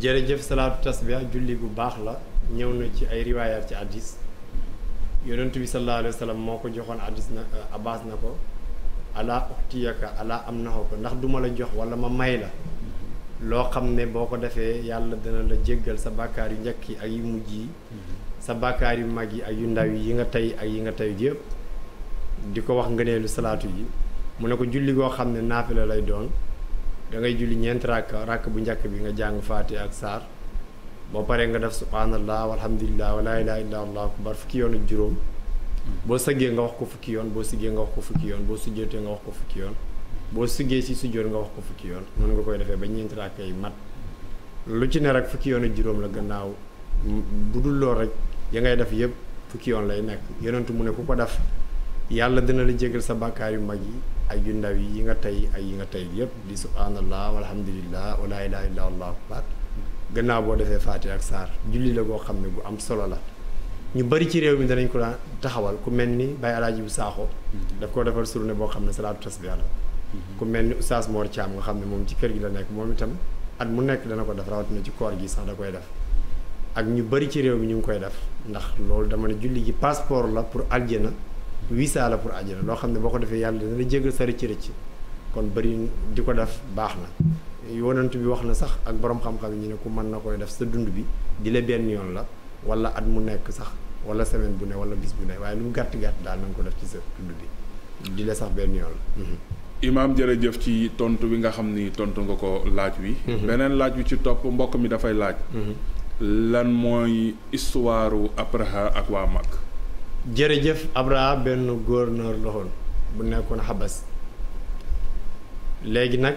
jërëjëf salaatu tasbiha julli bu baax la ñëw na ci ay riwaayaat ci addis yonentu bi sallallahu alayhi wa moo ko joxoon addis na euh, abbas na ko ala uxtiyaka ala am na ko ndax duma la jox wala ma may la loo xam ne boo ko defee yàlla dina la jéggal sa bàkkaar yu njëkk yi ak yu mujj yi mm-hmm. sa bàkkaar yu mag yi ak yu ndaw yi nga tey ak yi nga tey yëpp di ko wax ngëneelu salaatu yi mu ne ko julli koo xam ne naafila lay doon da ngay julli ñeenti ràkk ràkk bu njëkk bi nga jàng faate ak saar boo paree nga def subhanallah walhamdulillah wala ilaha illa allah akbar fukki yoon ak juróom boo sëggee nga wax ko fukki yoon boo siggee nga wax ko fukki yoon boo sujjootee nga wax ko fukki yoon boo siggee si sujjoot nga wax ko fukki yoon noonu nga koy defee ba ñeenti ràkk yi mat lu ci ne rek fukki yoon ak juróom la gannaaw bu lool rek ya ngay def yëpp fukki yoon lay nekk yonentu mu ne ku ko def yàlla dina la jégal sa bàkkaar yu mag yi ay ju ndaw yi yi nga tey ay yi nga tey yëpp di subhanallah walhamdulillah wala ilaha illa allahu akbar gannaaw boo defee faati ak saar julli la goo xam ne gu am solo la ñu bari ci réew mi danañ ko daan taxawal ku mel ni Baye Alaaji bu Saaxo daf koo defal surne boo xam ne salaatu tasbih la mm-hmm. ku mel ni Oustaz Mor Thiam nga xam ne moom ci kër gi la nekk moom itam at mu nekk dana ko def rawatina ci koor gi sax da koy def ak ñu bari ci réew mi ñu ngi koy def ndax loolu dama ne julli gi passeport la pour aljana wisaa la pour àjjana loo xam ne boo ko defee yàlla dina la jéggal sa rëcc rëcc kon bëri di ko def baax na yonent bi wax na sax ak borom xam-xam yi ñu ne ku mën na koy def sa dund bi di la yoon la wala at mu nekk sax wala semaine bu ne wala bis waaye lu mu gàtt gàtt daal na ko def ci sa dund bi sax benn yoon la. Mhm. imaam jërëjëf ci tontu bi nga xam ni tontu nga ko laaj wi. Mhm. beneen laaj wi ci topp mbokk mi dafay laaj. Mhm. lan mooy histoire Abraha ak waa Makka. jërëjëf Abraha benn gouverneur loxoon bu nekkoon xabas léegi nag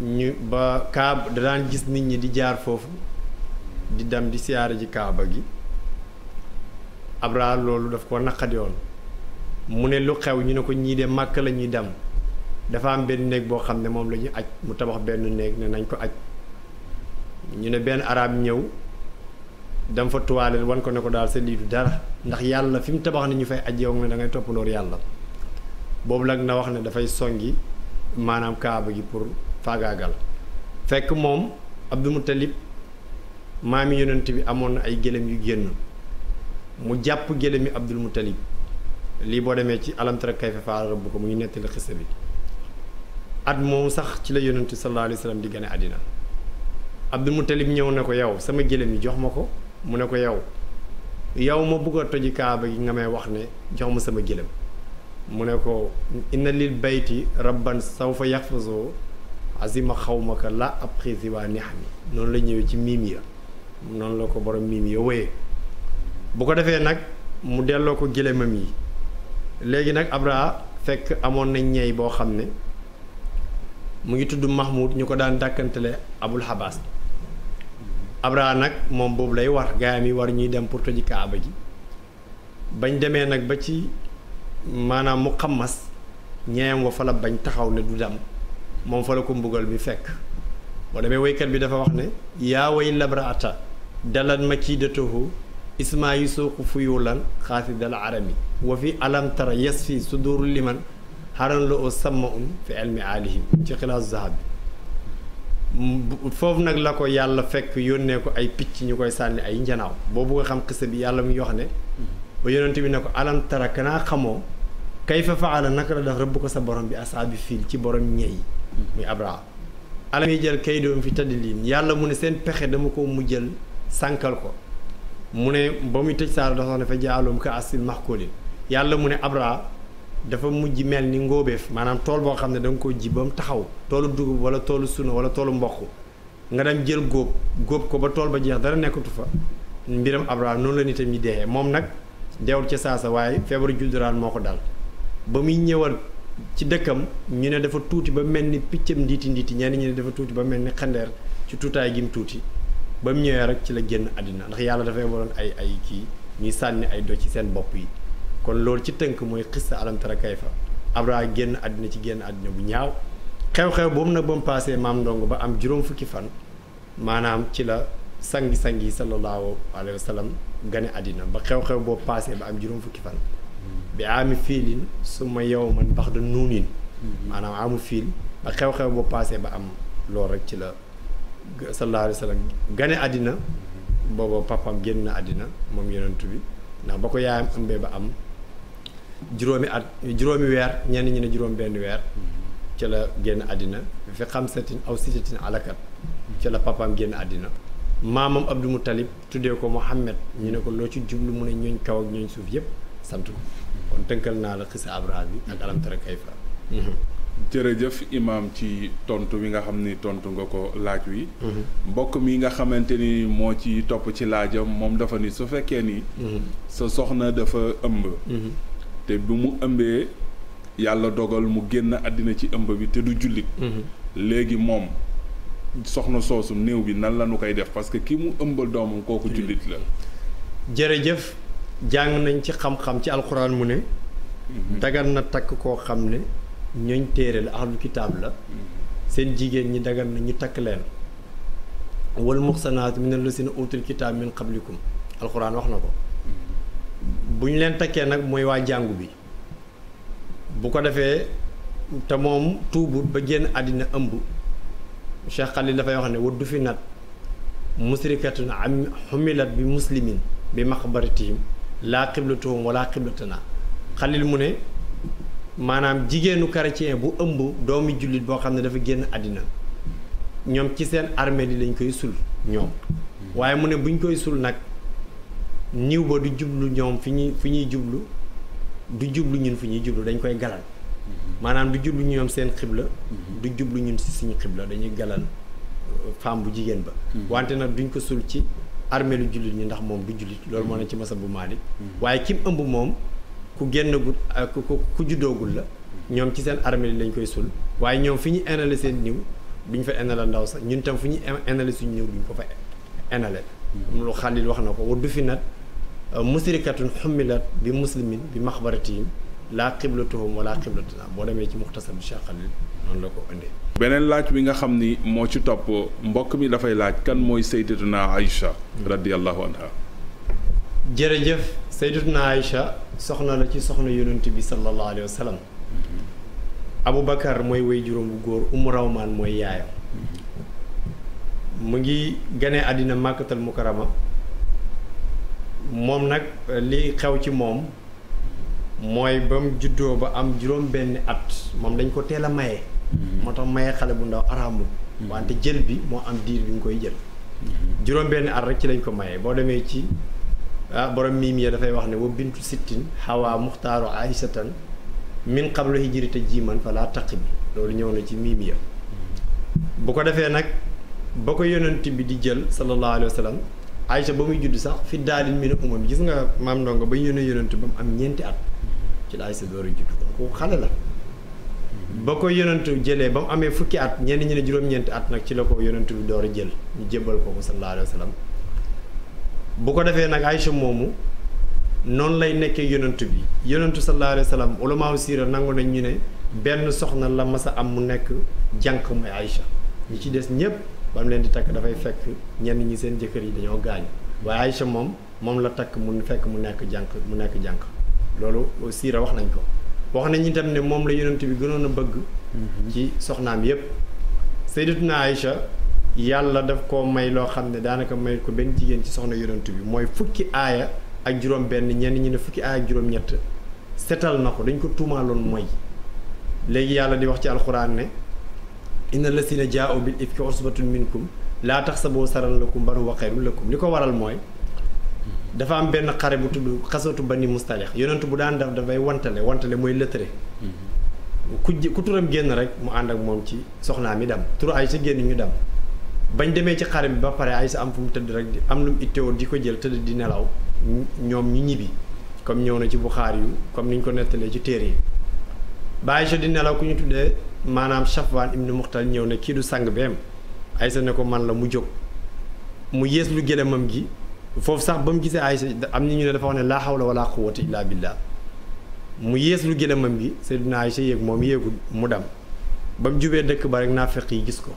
ñu ba kaab da daan gis nit ñi di jaar foofu di dem di siyaare ji kaaba gi Abraha loolu daf ko naqadi yoon mu ne lu xew ñu ne ko ñii màkk la ñuy dem dafa am benn néeg boo xam ne moom la ñu aj mu tabax benn néeg ne nañ ko aj ñu ne benn arab ñëw dem fa tuwaale wan ko ne ko daal sa lii du dara ndax yàlla fi mu tabax na ñu fay aj yow ne da ngay topp loolu yàlla boobu nag na wax ne dafay songi maanaam kaaba gi pour faagaagal fekk moom Abdul Muttalib maami yonent bi amoon na ay gëlëm yu génn mu jàpp gëlëmi Abdul Muttalib lii boo demee ci alam tara kayfa faala rabbuka mu ngi nettali xisa bi at moom sax ci la yonent bi sallallahu alayhi di gane àddina Abdul Muttalib ñëw ne ko yow sama gëléem yi jox ma ko mu ne ko yow yow ma bëgg toji kaaba gi nga may wax ne jox ma sama gëlëm mu ne ko inna lil bayti rabban sawfa yaxfasoo azima xawmaka la ab xisi waa nihami noonu la ñëwee ci miim ya noonu la ko borom miim ya woye bu ko defee nag mu delloo ko gëlëmam yi léegi nag Abra fekk amoon na ñey boo xam ne mu ngi tudd Mahmoud ñu ko daan dàkkantele abul xabaas Abra nag moom boobu lay war gaayam yi war ñuy dem pour toji kaaba ji bañ demee nag ba ci maanaam mu xammas ñeeyam wa fa la bañ taxaw ne du dem moom fa la ko mbugal mi fekk boo demee waykat bi dafa wax ne yaa way labraata dalan ma kii datohu ismaa yi suuqu fuyu lan xaasi dal arabi wa fi alamtara yes fii su duuru liman xaran la oo samma fi elmi alihim ci xilaasu zahab bi foofu nag la ko yàlla fekk yónnee ko ay picc ñu koy sànni ay njanaaw boobu nga xam xisa bi yàlla mu ngi wax ne mhm. ba yonent bi ne ko alam tara kanaa xamoo kay fa faala naka la def rëbb ko sa borom bi asaabi fii ci borom ñey mhm. muy abraham alam yi jël kay doom fi tadilin yàlla mu ne seen pexe dama ko mu jël sànkal ko mu ne ba muy tëj saara dafa ne fa jaalum ka asil maxkulin yàlla mu ne abraham dafa mujj mel ni ngóobeef maanaam tool boo xam ne da nga ko ji ba mu taxaw toolu dugub wala toolu sunu wala toolu mboq nga dem jël góob góob ko ba tool ba jeex dara nekkatu fa mbiram Abraham noonu la nitam ñi dee moom nag deewul ca saasa waaye feebaru julduraan moo ko dal ba muy ñëwal ci dëkkam ñu ne dafa tuuti ba mel ni piccam ndiiti ndiiti ñenn ñu ne dafa tuuti ba mel ni xandeer ci tuutaay gi mu tuuti ba mu ñëwee rek ci la génn àddina ndax yàlla dafay waroon ay ay kii ñuy sànni ay ci seen bopp yi kon loolu ci tënk mooy xista alam tara kayfa Abraham génn àddina ci génn àddina bu ñaaw xew-xew boobu nag ba mu paasee maam ndong ba am juróom fukki fan maanaam ci la sangi-sangi yi sallallahu alayhi wa sallam gane àddina ba xew-xew boobu paasee ba am juróom fukki fan bi aami fiilin su yow man bax da nuunin amu fiil xew-xew boobu paasee ba am loolu rek ci la sallallahu alayhi wa sallam gane àddina booba papam génn na àddina moom yonentu bi ndax ba ko yaayam ëmbee ba am juróomi at juróomi weer ñenn ñi ne juróom benn weer ca la génn àddina fi xam satin aw sitatin alakat ca la papaam génn àddina maamam Abdou Moutalib tuddee ko Mouhamed ñu ne ko loo ci jublu mu ne ñooñ kaw ak ñooñ suuf yëpp sant ko kon tënkal naa la xisa Abraha bi ak alam tara kayfa jërëjëf imaam ci tontu wi nga xam ni tontu nga ko laaj wi mbokk mi nga xamante ni moo ci topp ci laajam moom dafa ni su fekkee ni mhm. sa soxna dafa ëmb mhm. te bi mu ëmbee yàlla dogal mu génn àddina ci ëmb bi te du jullit mhm. léegi moom soxna soosu néew bi nan la ñu koy def parce que ki mu ëmbal doomam kooku mhm. jullit la jërëjëf jàng nañ ci xam-xam ci alxuraan mu ne mhm. dagan na takk koo xam ne ñooñ téere la ahlul kitaab la seen jigéen ñi dagan nañu takk leen wal muxsanaat minal lazina utul kitaab min qablikum alxuraan wax na ko bu ñu leen takkee nag mooy waa jàngu bi bu ko defee te moom tuubut ba génn àddina ëmb Cheikh Khalil dafay wax ne du fi nat musrikatun am xumilat bi muslimin bi maqbaratihim laa xiblatuhum wala xiblatana Khalil mu ne maanaam jigéenu chrétien bu ëmb doomi jullit boo xam ne dafa génn àddina ñoom ci seen armée di lañ koy sul ñoom hmm. waaye mu ne buñ koy sul nag niw ba du jublu ñoom fi ñuy fi ñuy jublu du jublu ñun fi ñuy jublu dañ koy galal mm-hmm. maanaam du jublu ñoom seen xibla mm-hmm. du jublu ñun si suñu xibla dañuy galal euh, femme bu jigéen ba mm-hmm. wante nag duñ ko sul ci armeelu lu jullit ñi ndax moom du jullit loolu moo ne ci masa bu maalik waaye kim ëmb moom ku génnagul euh, ku juddoogul la ñoom ci seen armée li lañ koy sul waaye ñoom fi ñu inale seen niw duñ fa inale ndaw sax ñun tam fu ñu inale suñu niw duñ ko fa inale lu wax na ko Euh, musrikatun xummilat bi muslimin bi maxbaratihim laa xiblatuhum wala xiblatuna boo demee ci muxtasar bi Cheikh Khalil noonu la ko indee. beneen laaj wi nga xam ni moo ci topp mbokk mi dafay laaj kan mooy sayyidatuna Aïcha radiyallahu anha jërëjëf sayyidatuna Aïcha soxna la ci soxna yonent bi sallallahu alayhi wa sallam mhm. Aboubacar mooy way juróom bu góor Umu Rawmaan mooy yaayam mhm. mu ngi gane àddina Màkkatal Mukarama moom nag euh, li xew ci moom mooy ba mu juddoo ba am juróom benn at moom dañ ko teel a maye. Mm-hmm. moo tax maye xale bu ndaw araamul mm-hmm. wante jël bi moo am diir bi ñu koy jël mm-hmm. juróom benn at rek ci lañ ko maye boo demee ci ah borom miim dafay wax ne wa bintu sittin xawaa muxtaaru aysatan min qablu hijrita jiiman laa taqi bi loolu ñëw na ci miim ya bu ko defee nag ba ko yonent bi di jël sallallahu alayhi wa Aïcha ba muy judd sax fi daalin mi ne umam gis nga maam ndongo ba yónnee yonentu ba mu am ñeenti at ci la Aïcha door a judd kon ko xale la ba ko yonentu jëlee ba mu amee fukki at ñenn ñi ne juróom-ñeenti at nag ci la ko yonentu bi door a jël ñu jébbal ko ko sallallahu alayhi wa bu ko defee nag Aïcha moomu noonu lay nekkee yonentu bi yonentu sallallahu alayhi wa sallam ulamaaw siira nangu nañ ñu ne benn soxna la mas a am mu nekk jànq mooy Aïcha ñi ci des ñëpp ba mu leen di takk dafay fekk ñenn ñi seen jëkkër yi dañoo gaañ waaye Aïcha moom moom la takk mu fekk mu nekk jànq mu nekk jànq loolu siira wax nañ ko wax nañ itam ne moom la yonent bi gënoon a bëgg mhm. ci soxnaam yépp Sayyidatuna Aïcha yàlla daf ko may loo xam ne daanaka may ko benn jigéen ci soxna yonent bi mooy fukki aaya ak juróom benn ñenn ñi ne fukki aaya ak juróom ñett setal na ko dañ ko tuumaaloon mooy léegi yàlla di wax ci alxuraan ne inna lasina jaa'u bil ifki usbatun minkum laa taxsabu saran lakum bal huwa xayrun lakum li ko waral mooy dafa am benn xare bu tudd xasatu ba bani mustalex yonent bu daan def dafay wantale wantale mooy lëtëre mhm. ku ku turam génn rek mu ànd ak moom ci soxnaam yi dem tur ay sa génn ñu dem bañ demee ci xare bi ba pare ay sa am fu mu tëdd rek di am lu mu itteewoo di ko jël tëdd di nelaw ñoom ñu ñibbi comme ñëw na ci buxaar yu comme niñ ko nettalee ci téere yi maanaam Safwaan ibnu Muxtal ñëw ne kii du sang beem Aysa ne ko man la mu jóg mu yées lu gëlëmam gi foofu sax ba mu gisee Aysa am na ñu ne dafa wax ne laa hawla wala quwwata laa billaa mu yées lu gëlëmam gi Seydina Aysa yéeg moom yéegu mu dem ba mu jubee dëkk ba rek naafeq yi gis ko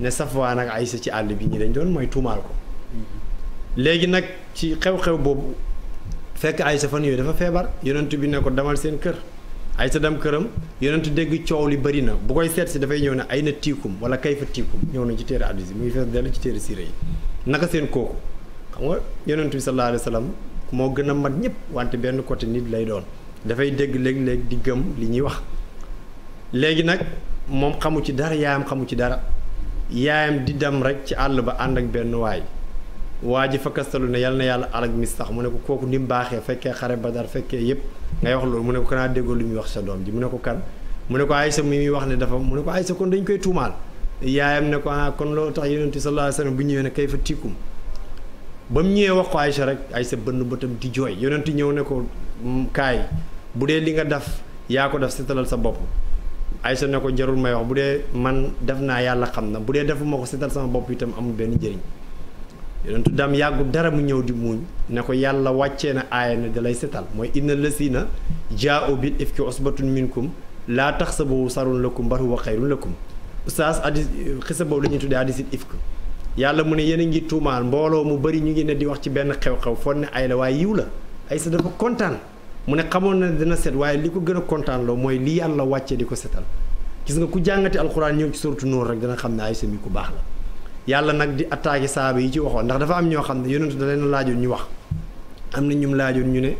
ne Safwaan ak Aysa ci àll bi ñi dañ doon mooy tuumaal ko mm-hmm. léegi nag ci xew-xew boobu fekk Aysa fan yooyu dafa feebar yonent bi ne ko demal seen kër ay sa dem këram yonent dégg coow li bari na bu koy seet dafay ñëw ne ay na tiikum wala kay fa tiikum ñëw nañ ci téere addis yi muy fees dellu ci téere siira yi naka seen kooku xam nga yonent bi sallallahu alayhi wa sallam moo gën a mat ñëpp wante benn côté nit lay doon dafay dégg léeg-léeg di gëm li ñuy wax léegi nag moom xamu ci dara yaayam xamu ci dara yaayam di dem rek ci àll ba ànd ak benn waay waa ji fa kastalu ne yal na yàlla alag mis sax mu ne ko kooku ni mu baaxee fekkee xare badar fekkee yëpp ngay wax loolu mu ne ko kanaa déggoo lu muy wax sa doom ji mu ne ko kan mu ne ko Aysa mi muy wax ne dafa mu ne ko Aysa kon dañ koy tuumaal yaayam ne ko ah kon loo tax yonent bi sallallahu alayhi wa bu ñëwee ne kay fa tiikum ba mu ñëwee wax ko Aysa rek Aysa bënn bëtam di jooy yonent ñëw ne ko mm, kaay bu dee li nga def yaa ko def seetalal sa bopp Aysa ne ko jarul may wax bu dee man def naa yàlla xam na bu dee defuma ko seetal sama bopp itam amul benn njëriñ yonentu dam yàggul dara mu ñëw di muuñ ne ko yàlla wàccee na aaya ne da lay setal mooy na inna lasina jaa'u bil ifki usbatun minkum laa tax sa taxsabuhu sarun lakum bal huwa xayrun lakum oustaz addis sa boobu la ñuy tuddee addisil ifk yàlla mu ne yéen a ngi tuumaal mbooloo mu bari ñu ngi ne di wax ci benn xew-xew foon ne ay la waaye yiw la ay sa dafa kontaan mu ne xamoon na dina set waaye li ko gën a kontaan loo mooy li yàlla wàccee di ko setal gis nga ku jàngate alxuraan ñëw ci suratu noor rek dana xam ne ay sa ku baax yàlla nag di attaqué saaba yi ci waxoon ndax dafa am ñoo xam ne yonentu da leen laajoon ñu wax am na ñum laajoon ñu ne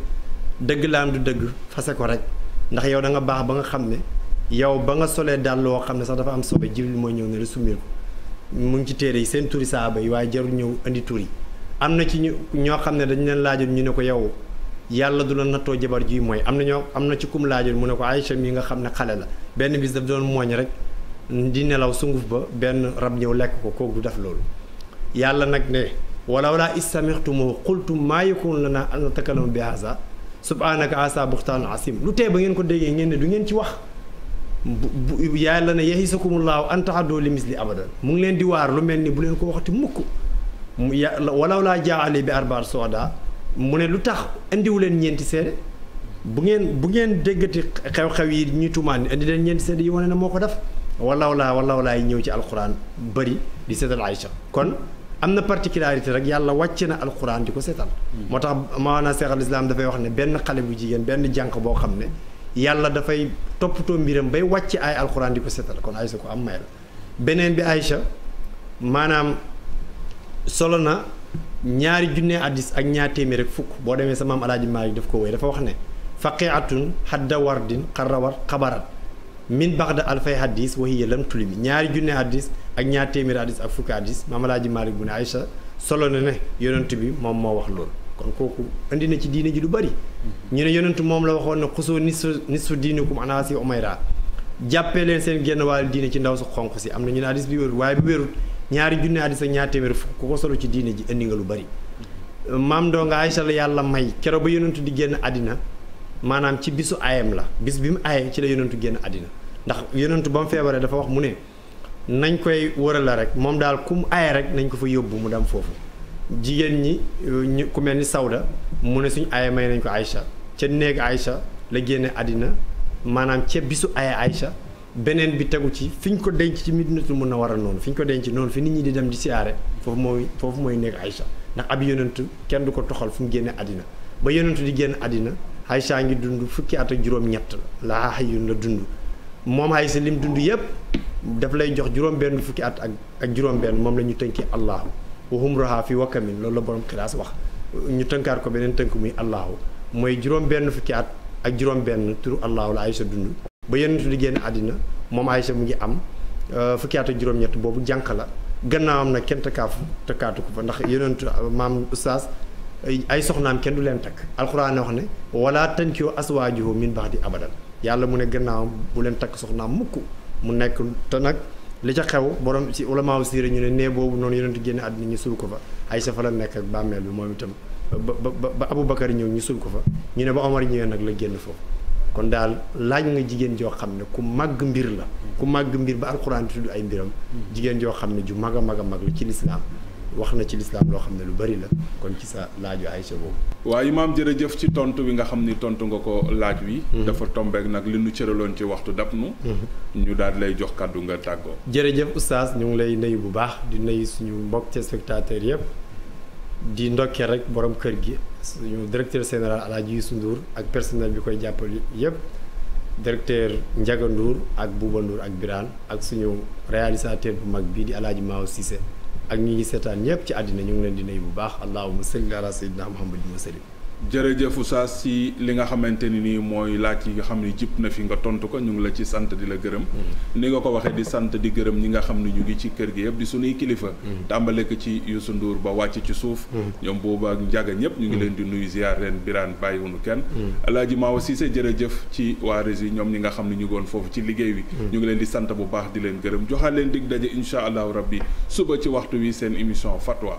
dëgg laam du dëgg fase ko rek ndax yow da nga baax ba nga xam ne yow ba nga solee daal loo xam ne sax dafa am sobe jibril mooy ñëw ne la summil ko mu ngi ci téere yi seen turi saaba yi waaye jarul ñëw indi tur yi am na ci ñu ñoo xam ne dañu leen laajoon ñu ne ko yow yàlla du la nattoo jabar ji mooy am na ñoo am na ci kum laajoon mu ne ko Aïcha mi nga xam ne xale la benn bis daf doon mooñ rek di nelaw sunguf ba benn rab ñëw lekk ko kooku du def loolu yàlla nag ne wala wala istamirtumoo qultum maa yakun lana an natakallama bi haza subhanaka asa buxtaan asim lu tee ba ngeen ko déggee ngeen ne du ngeen ci wax bu yàlla ne yahisakumullaahu an taxaddoo li misli abadan mu ngi leen di waar lu mel ni bu leen ko waxati mukk mu walaw laa jaale bi arbaat soda mu ne lu tax indiwu leen ñeenti seede bu ngeen bu ngeen déggati xew-xew yi ñuy tumaan indi leen ñeenti seede yi wane ne moo ko def walaw laa walaw laay ñëw ci alxuraan bari di seetal Aïcha kon am na particularité rek yàlla wàcce na alxuraan di ko seetal. Hmm. moo tax maanaam Seex al Islaam dafay wax ne benn xale bu jigéen benn jànq boo xam ne yàlla dafay toppatoo mbiram bay wàcce ay alxuraan di ko seetal kon ko am may beneen bi Aïcha maanaam solo na ñaari junne addis ak ñaar téeméer rek fukk boo demee sa maam Alaaji Maalik daf ko wéy dafa wax ne faqiatun hadda wardin xarrawar xabarat min baxda alfay hadis wa hiya lam bi ñaari junne hadis ak ñaar téeméeri hadis ak fukki hadis maamalaaji Malik bu ne Aïcha solo na ne yonent bi moom moo wax loolu kon kooku indi na ci diine ji lu bari ñu ne yonent moom la waxoon ne xusoo ni su ni su diinikum anaa si umayra jàppee leen seen genn wàll diine ci ndaw su xonq si am na ñu ne hadis bi wérut waaye bi wérut ñaari junne hadis ak ñaar téeméeri fukk ku ko solo ci diine ji indi nga lu bari maam doo yàlla may keroog ba yonent di génn àddina maanaam ci bisu ayam la bis bi mu aye ci la yonentu génn àddina ndax yonentu ba feebaree dafa wax mu ne nañ koy wëral rek moom daal ku mu aye rek nañ ko fa yóbbu mu dem foofu jigéen ñi ñu mel ni Sawda mu ne suñu aye nañ ko Aïcha ca néeg Aïcha la génne àddina maanaam ca bisu aye Aïcha beneen bi tegu ci fi ñu ko denc ci Madinatul Munawwara noonu fi ñu ko denc noonu fi nit ñi di dem di siyaare foofu mooy foofu mooy néeg Aïcha ndax ab yonentu kenn du ko toxal fu mu génne àddina ba yonentu di génn àddina Aysa ngi dund fukki at ak juróom-ñett la xayun la dund moom Aysa lim dund yëpp daf lay jox juróom-benn fukki at ak ak juróom-benn moom la ñu tënkee Allahu wa umruhaa fi wakamin loolu la borom xilaas wax ñu tënkaat ko beneen tënk muy Allahu mooy juróom-benn fukki at ak juróom-benn turu Allahu la Aysa dund. ba yenn di génn àddina moom Aysa mu ngi am euh, fukki at ak juróom-ñett boobu jànq la gannaawam na kenn tëkkaaf tëkkaatu ko fa ndax yeneen maam oustaz. ay soxnaan kenn du leen takk alxuraan wax ne wala tankihu aswaajahu min ba'di abadan yàlla mu ne gannaawam bu leen takk soxnaam mukk mu nekk te nag li ca xew borom ci ulamaaw siira ñu ne nee boobu noonu yonent génn àddina ñu suul ko fa Aysa fa la nekk ak bàmmeel bi moom itam ba ba ba Abubakar ñëw ñu suul ko fa ñu ne ba Omar ñëwee nag la génn foofu kon daal laaj nga jigéen joo xam ne ku màgg mbir la ku màgg mbir ba alxuraan tudd ay mbiram mm. jigéen joo xam ne ju mag a mag a mag ci lislaam wax na ci lislaam loo xam ne lu bari la kon ci sa laaju Aïcha boobu waaye maam jërëjëf ci tontu bi nga xam ni tontu nga ko laaj wi mm-hmm. dafa tombeek nag li nu cëraloon ci waxtu dab nu mm-hmm. ñu daal lay jox kàddu nga tàggoo jërëjëf oustaz ñu ngi lay nuyu bu baax di nuyu suñu mbokk ci spectateur yëpp di ndokkee rek borom kër gi suñu directeur général Alaaji su nduur ak personnel bi koy jàppale yëpp directeur Ndiaga Ndour ak Bouba Ndour ak Birane ak suñu réalisateur bu mag bii di Alaaji Maaw Cissé ak ñu ngi seetaan ñëpp ci àddina ñu ngi leen di nuyu bu baax allahumma salli ala sayyidina muhammadin wa sallim jërëjëfu Oustaz si li nga xamante ni nii mooy laaj yi nga xam ni jip na fi nga tontu ko ñu ngi la ci sant di la gërëm mm. ni nga ko waxee di sant di gërëm ñi nga xam ni ñu ngi ci kër yëpp di sunuy kilifa mm. tàmbale ko ci Youssou Ndour ba wàcc ci suuf mm. ñoom boobu ak ñëpp ñu ngi leen di nuyu ziar leen biraan bàyyiwunu kenn alaaji Maawa se jërëjëf ci waa yi ñoom ñi nga xam ni ñu goon foofu ci liggéey bi ñu ngi leen di sant bu baax di leen gërëm joxaat leen dig daje incha allahu rabbi suba ci waxtu wi seen émission fatwa